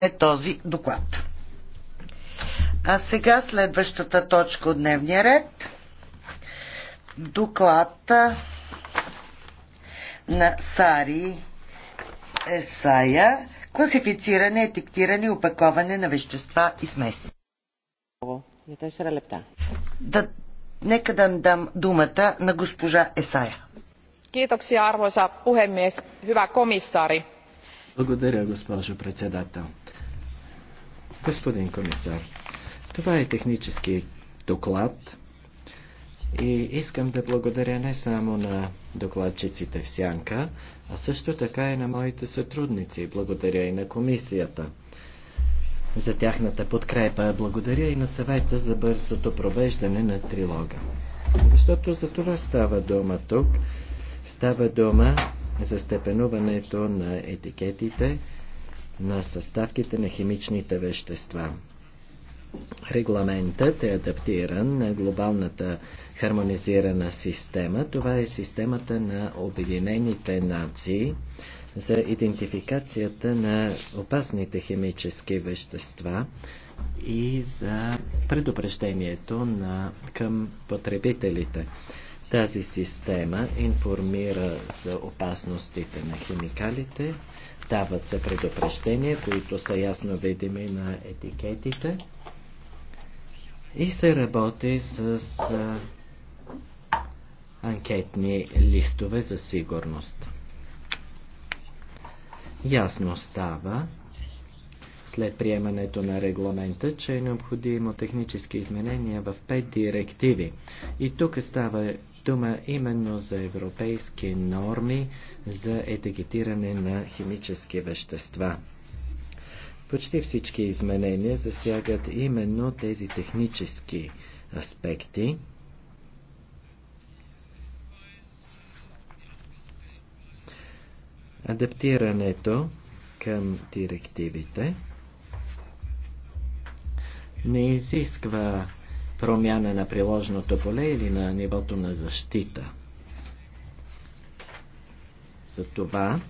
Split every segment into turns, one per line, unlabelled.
е този доклад. А сега следващата точка от дневния ред. Доклад на Сари Есая. Класифициране, етиктиране и опаковане на вещества и смеси. Да, нека да дам думата на госпожа Есая.
Kiitoksia, arvoisa puhemies. Hyvä komissaari.
Благодаря, госпожо председател. Господин комисар, това е технически доклад и искам да благодаря не само на докладчиците в Сянка, а също така и на моите сътрудници. Благодаря и на комисията за тяхната подкрепа. Благодаря и на съвета за бързото провеждане на трилога. Защото за това става дума тук. Става дума за степенуването на етикетите, на съставките на химичните вещества. Регламентът е адаптиран на глобалната хармонизирана система. Това е системата на Обединените нации за идентификацията на опасните химически вещества и за предупреждението на, към потребителите. Тази система информира за опасностите на химикалите, дават се предупреждения, които са ясно видими на етикетите и се работи с анкетни листове за сигурност. Ясно става след приемането на регламента, че е необходимо технически изменения в пет директиви. И тук става дума именно за европейски норми за етикетиране на химически вещества. Почти всички изменения засягат именно тези технически аспекти. Адаптирането към директивите не изисква промяна на приложното поле или на нивото на защита. За това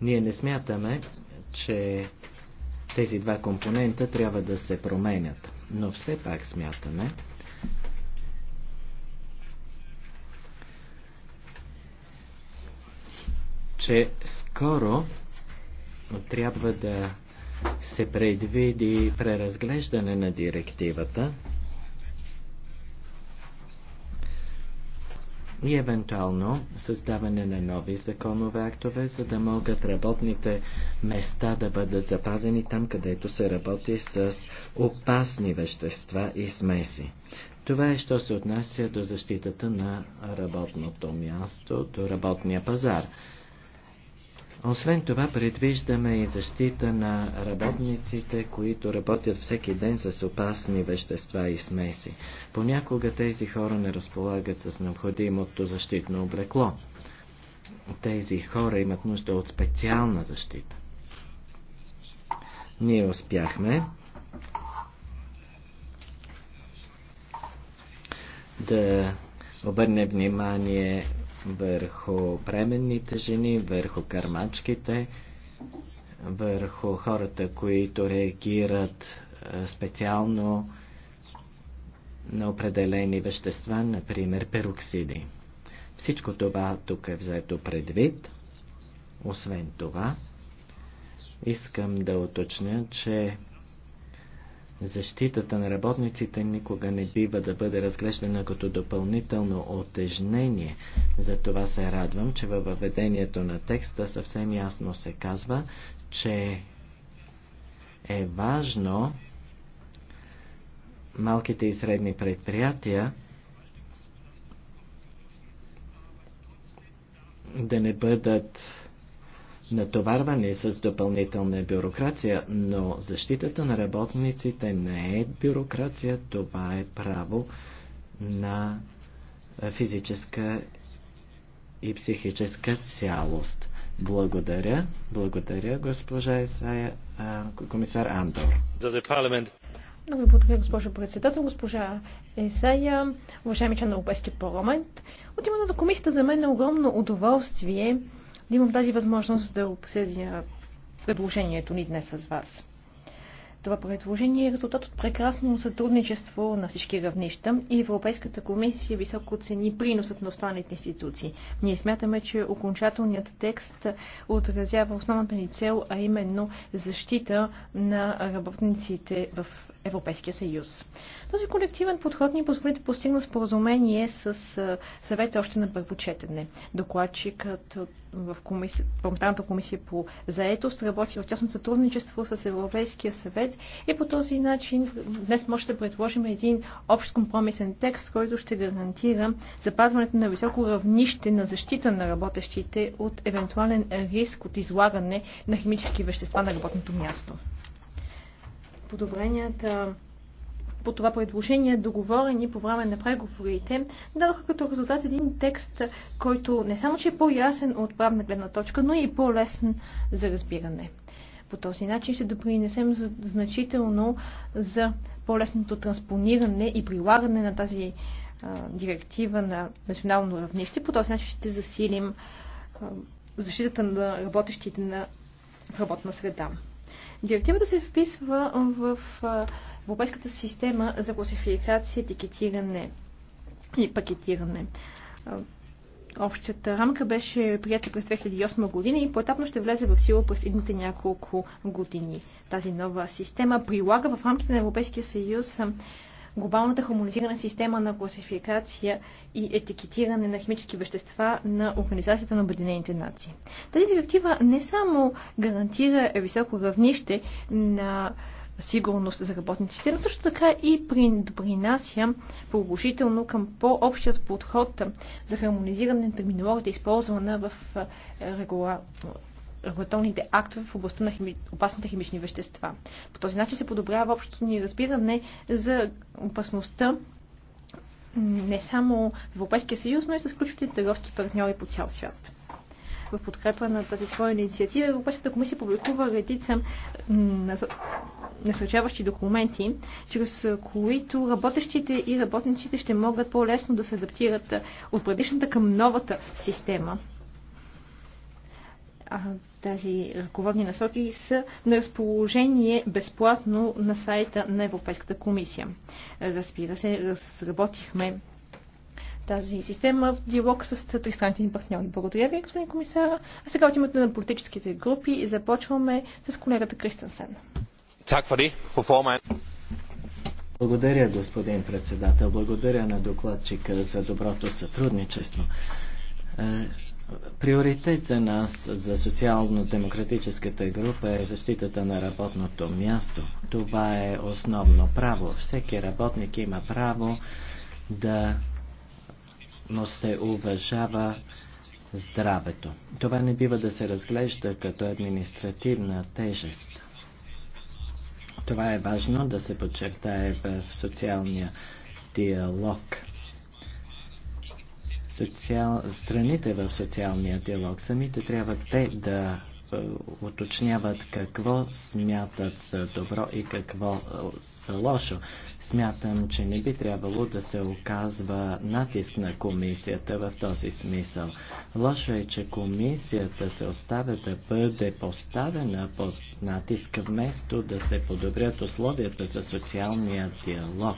ние не смятаме, че тези два компонента трябва да се променят. Но все пак смятаме, че скоро трябва да се предвиди преразглеждане на директивата и евентуално създаване на нови законове актове, за да могат работните места да бъдат запазени там, където се работи с опасни вещества и смеси. Това е, що се отнася до защитата на работното място, до работния пазар. Освен това, предвиждаме и защита на работниците, които работят всеки ден с опасни вещества и смеси. Понякога тези хора не разполагат с необходимото защитно облекло. Тези хора имат нужда от специална защита. Ние успяхме да обърне внимание върху бременните жени, върху кармачките, върху хората, които реагират специално на определени вещества, например пероксиди. Всичко това тук е взето предвид. Освен това, искам да уточня, че Защитата на работниците никога не бива да бъде разглеждана като допълнително отежнение. Затова се радвам, че във въведението на текста съвсем ясно се казва, че е важно малките и средни предприятия да не бъдат Натоварване с допълнителна бюрокрация, но защитата на работниците не е бюрокрация, това е право на физическа и психическа цялост. Благодаря, благодаря, госпожа Исая, комисар Андор.
Много ви благодаря, госпожо председател, госпожа Есая, уважаеми член на Европейския парламент. От името на комисията за мен е огромно удоволствие да имам тази възможност да обсъдя предложението ни днес с вас. Това предложение е резултат от прекрасно сътрудничество на всички равнища и Европейската комисия високо оцени приносът на останалите институции. Ние смятаме, че окончателният текст отразява основната ни цел, а именно защита на работниците в Европейския съюз. Този колективен подход ни позволи да постигна споразумение с съвета още на първо четене. Докладчикът в комисия, комисия по заетост работи в тясно сътрудничество с Европейския съвет и по този начин днес може да предложим един общ компромисен текст, който ще гарантира запазването на високо равнище на защита на работещите от евентуален риск от излагане на химически вещества на работното място подобренията по това предложение, договорени по време на преговорите, дадоха като резултат един текст, който не само, че е по-ясен от правна гледна точка, но и по-лесен за разбиране. По този начин ще допринесем значително за по-лесното транспониране и прилагане на тази а, директива на национално равнище. По този начин ще засилим а, защитата на работещите на работна среда. Директивата се вписва в Европейската система за класификация, етикетиране и пакетиране. Общата рамка беше прията през 2008 година и поетапно ще влезе в сила през едните няколко години. Тази нова система прилага в рамките на Европейския съюз глобалната хармонизирана система на класификация и етикетиране на химически вещества на Организацията на Обединените нации. Тази директива не само гарантира високо равнище на сигурност за работниците, но също така и допринася положително към по-общият подход за хармонизиране на терминологията, използвана в регула регулаторните актове в областта на хими... опасните химични вещества. По този начин се подобрява общото ни разбиране за опасността не само в Европейския съюз, но и с ключовите търговски партньори по цял свят. В подкрепа на тази своя инициатива Европейската комисия публикува редица насърчаващи документи, чрез които работещите и работниците ще могат по-лесно да се адаптират от предишната към новата система а, тази ръководни насоки са на разположение безплатно на сайта на Европейската комисия. Разбира се, разработихме тази система в диалог с тристранните ни партньори. Благодаря ви, господин комисар. А сега от името на политическите групи започваме с колегата Кристенсен. Благодаря,
господин председател. Благодаря на докладчика за доброто сътрудничество. Е, Приоритет за нас, за социално-демократическата група е защитата на работното място. Това е основно право. Всеки работник има право да но се уважава здравето. Това не бива да се разглежда като административна тежест. Това е важно да се подчертае в социалния диалог социал... страните в социалния диалог. Самите трябва те да е, уточняват какво смятат за добро и какво е, за лошо. Смятам, че не би трябвало да се оказва натиск на комисията в този смисъл. Лошо е, че комисията се оставя да бъде поставена под натиск вместо да се подобрят условията за социалния диалог.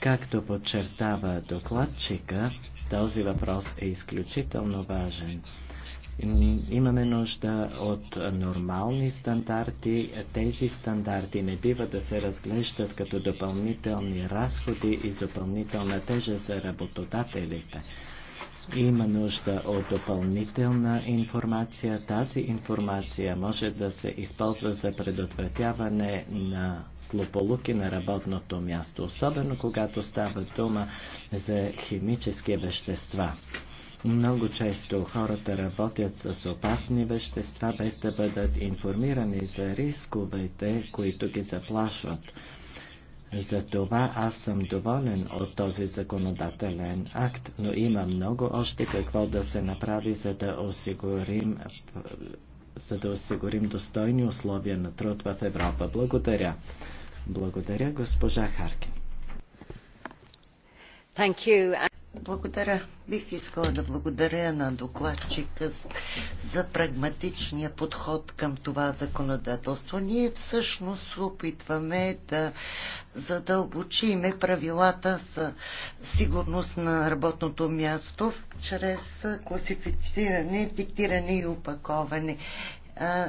Както подчертава докладчика, този въпрос е изключително важен. Имаме нужда от нормални стандарти. Тези стандарти не бива да се разглеждат като допълнителни разходи и допълнителна тежест за работодателите. Има нужда от допълнителна информация. Тази информация може да се използва за предотвратяване на злополуки на работното място, особено когато става дума за химически вещества. Много често хората работят с опасни вещества, без да бъдат информирани за рисковете, които ги заплашват. Затова аз съм доволен от този законодателен акт, но има много още какво да се направи, за да осигурим, за да осигурим достойни условия на труд в Европа. Благодаря. Благодаря, госпожа Харкин.
Thank you. Благодаря. Бих искала да благодаря на докладчика за прагматичния подход към това законодателство. Ние всъщност опитваме да задълбочиме правилата за сигурност на работното място чрез класифициране, диктиране и упаковане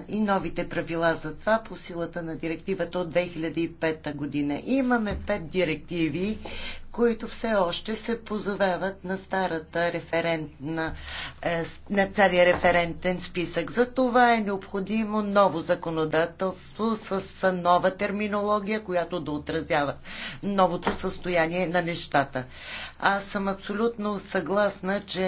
и новите правила за това по силата на директивата от 2005 година. Имаме пет директиви, които все още се позовават на старата референтна, на е, стария референтен списък. За това е необходимо ново законодателство с нова терминология, която да отразява новото състояние на нещата. Аз съм абсолютно съгласна, че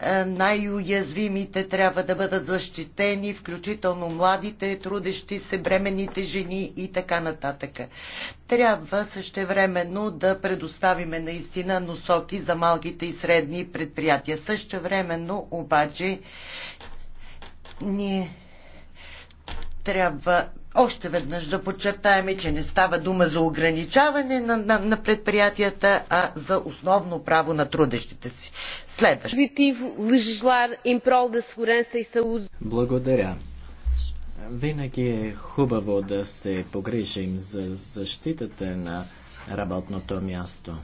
е, най-уязвимите трябва да бъдат защитени, включително младите, трудещи се, бременните жени и така нататък трябва същевременно да предоставиме наистина носоки за малките и средни предприятия. Същевременно обаче ние трябва още веднъж да подчертаем, че не става дума за ограничаване на, на, на предприятията, а за основно право на трудещите си. Следващо. Благодаря. Винаги
е хубаво да се погрижим за защитата на работното място.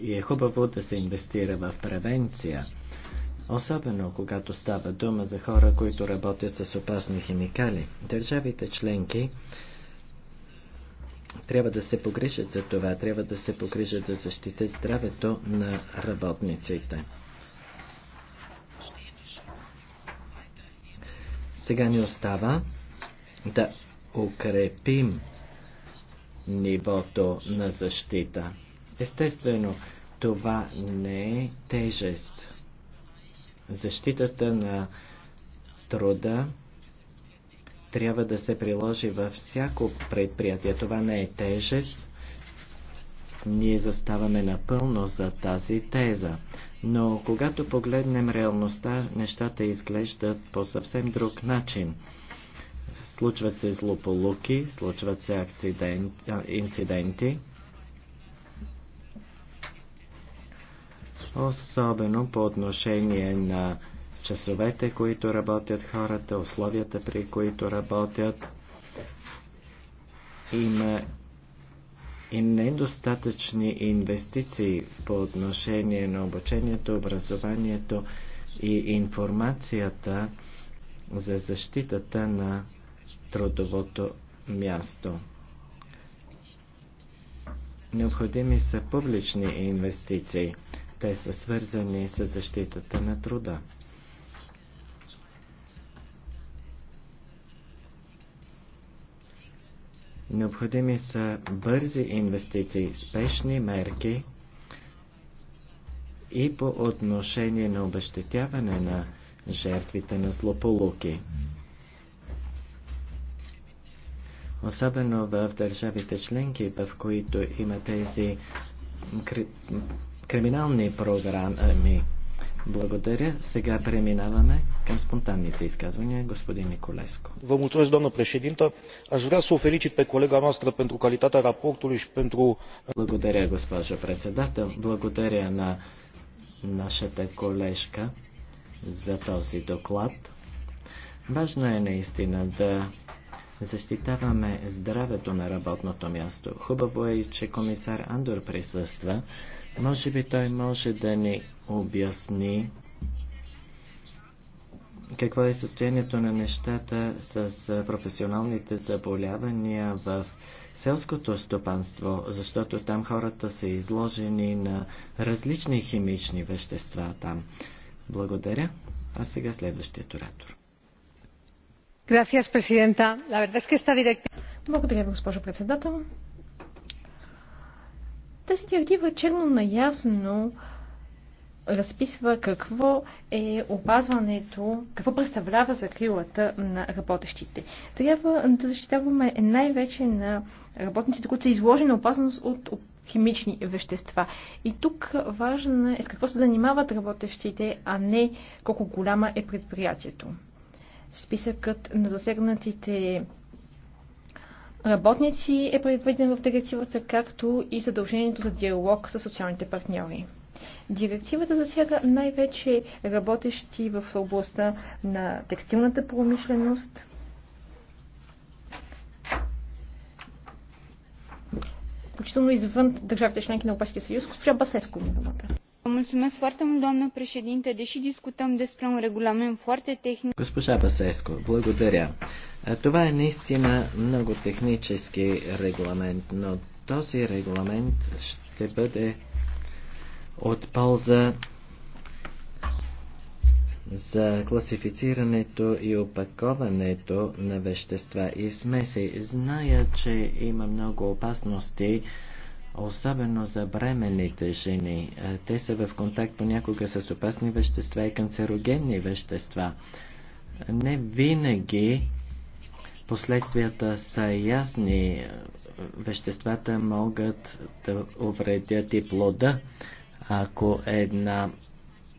И е хубаво да се инвестира в превенция. Особено когато става дума за хора, които работят с опасни химикали. Държавите членки трябва да се погрижат за това, трябва да се погрижат да защитят здравето на работниците. Сега ни остава да укрепим нивото на защита. Естествено, това не е тежест. Защитата на труда трябва да се приложи във всяко предприятие. Това не е тежест. Ние заставаме напълно за тази теза. Но когато погледнем реалността, нещата изглеждат по съвсем друг начин случват се злополуки, случват се акцидент, инциденти. Особено по отношение на часовете, които работят хората, условията, при които работят. Има и недостатъчни инвестиции по отношение на обучението, образованието и информацията за защитата на трудовото място. Необходими са публични инвестиции. Те са свързани с защитата на труда. Необходими са бързи инвестиции, спешни мерки и по отношение на обещетяване на жертвите на злополуки особено в държавите членки, в които има тези кри... криминални програми. Благодаря. Сега преминаваме към спонтанните изказвания. Господин Николеско. Vă mulțumesc, doamnă președintă. Aș vrea să o felicit pe colega noastră pentru calitatea raportului și pentru... Благодаря, госпожо председател. Благодаря на нашата колежка за този доклад. Важно е наистина да защитаваме здравето на работното място. Хубаво е, че комисар Андор присъства. Може би той може да ни обясни какво е състоянието на нещата с професионалните заболявания в селското стопанство, защото там хората са изложени на различни химични вещества там. Благодаря. А сега следващият оратор.
Благодаря, госпожо председател. Тази директива черно наясно разписва какво е опазването, какво представлява закрилата на работещите. Трябва да защитаваме най-вече на работниците, които са изложени на опасност от химични вещества. И тук важно е с какво се занимават работещите, а не колко голяма е предприятието. Списъкът на засегнатите работници е предвиден в директивата, както и задължението за диалог с социалните партньори. Директивата засяга най-вече работещи в областта на текстилната промишленост, включително извън държавите членки на Европейския съюз. Госпожа Басеско думата.
Госпожа Басеско, благодаря. Е, това е наистина много технически регламент, но този регламент ще бъде от полза за класифицирането и опаковането на вещества и смеси. Зная, че има много опасности особено за бременните жени. Те са в контакт понякога с опасни вещества и канцерогенни вещества. Не винаги последствията са ясни. Веществата могат да увредят и плода. Ако една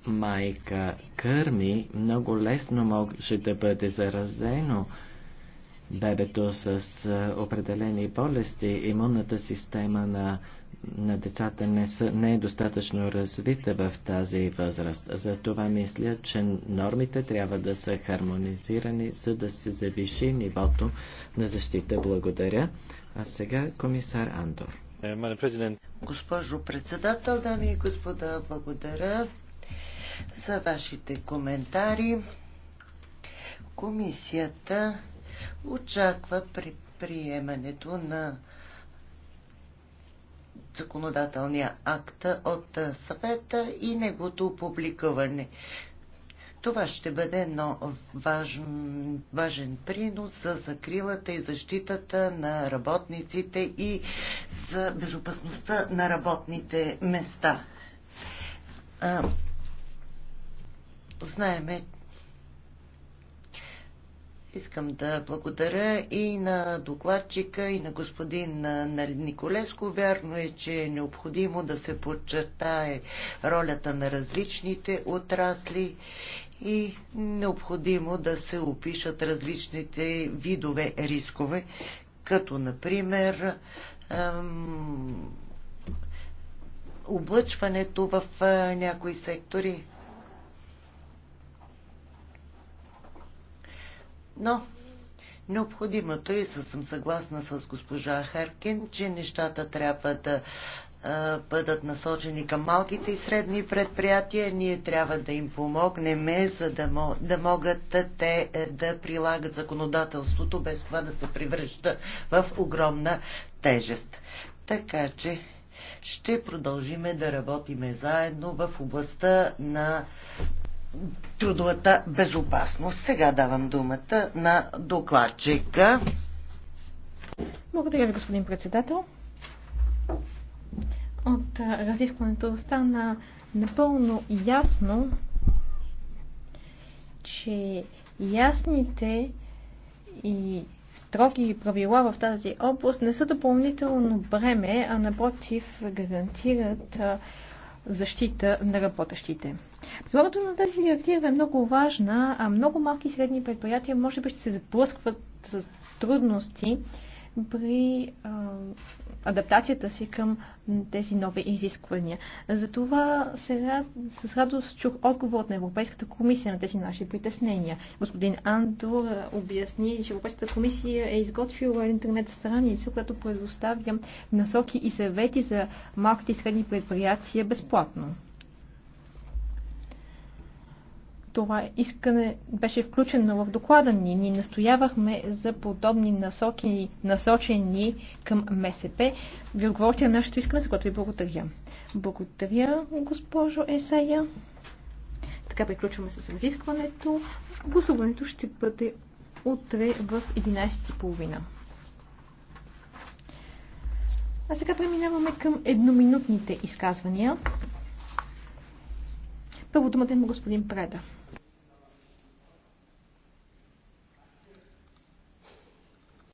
майка кърми, много лесно може да бъде заразено бебето с определени болести, имунната система на, на децата не, са, не е достатъчно развита в тази възраст. Затова мисля, че нормите трябва да са хармонизирани, за да се завиши нивото на защита. Благодаря. А сега комисар Андор.
Е,
Госпожо председател, дами и господа, благодаря за вашите коментари. Комисията очаква при приемането на законодателния акт от съвета и негото опубликуване. Това ще бъде едно важен, важен принос за закрилата и защитата на работниците и за безопасността на работните места. Знаеме, Искам да благодаря и на докладчика, и на господин Николеско. Вярно е, че е необходимо да се подчертае ролята на различните отрасли и необходимо да се опишат различните видове рискове, като например облъчването в някои сектори Но необходимото е, и съм съгласна с госпожа Харкин, че нещата трябва да бъдат насочени към малките и средни предприятия. Ние трябва да им помогнем, за да, да могат те е, да прилагат законодателството, без това да се превръща в огромна тежест. Така че ще продължиме да работиме заедно в областта на трудовата безопасност. Сега давам думата на докладчика.
Благодаря ви, господин председател. От разискването стана напълно ясно, че ясните и строги правила в тази област не са допълнително бреме, а напротив гарантират защита на работещите. Прилагането на тази директива е много важна, а много малки и средни предприятия може би ще се заблъскват с трудности при а, адаптацията си към тези нови изисквания. Затова сега с радост чух отговорът на Европейската комисия на тези наши притеснения. Господин Андор обясни, че Европейската комисия е изготвила интернет страница, която предоставя насоки и съвети за малките и средни предприятия безплатно. това искане беше включено в доклада ни. Ние настоявахме за подобни насоки, насочени към МСП. Ви отговорите на нашето искане, за което ви благодаря. Благодаря, госпожо Есая. Така приключваме с разискването. Гласуването ще бъде утре в 11.30. А сега преминаваме към едноминутните изказвания. Първо думата има господин Преда.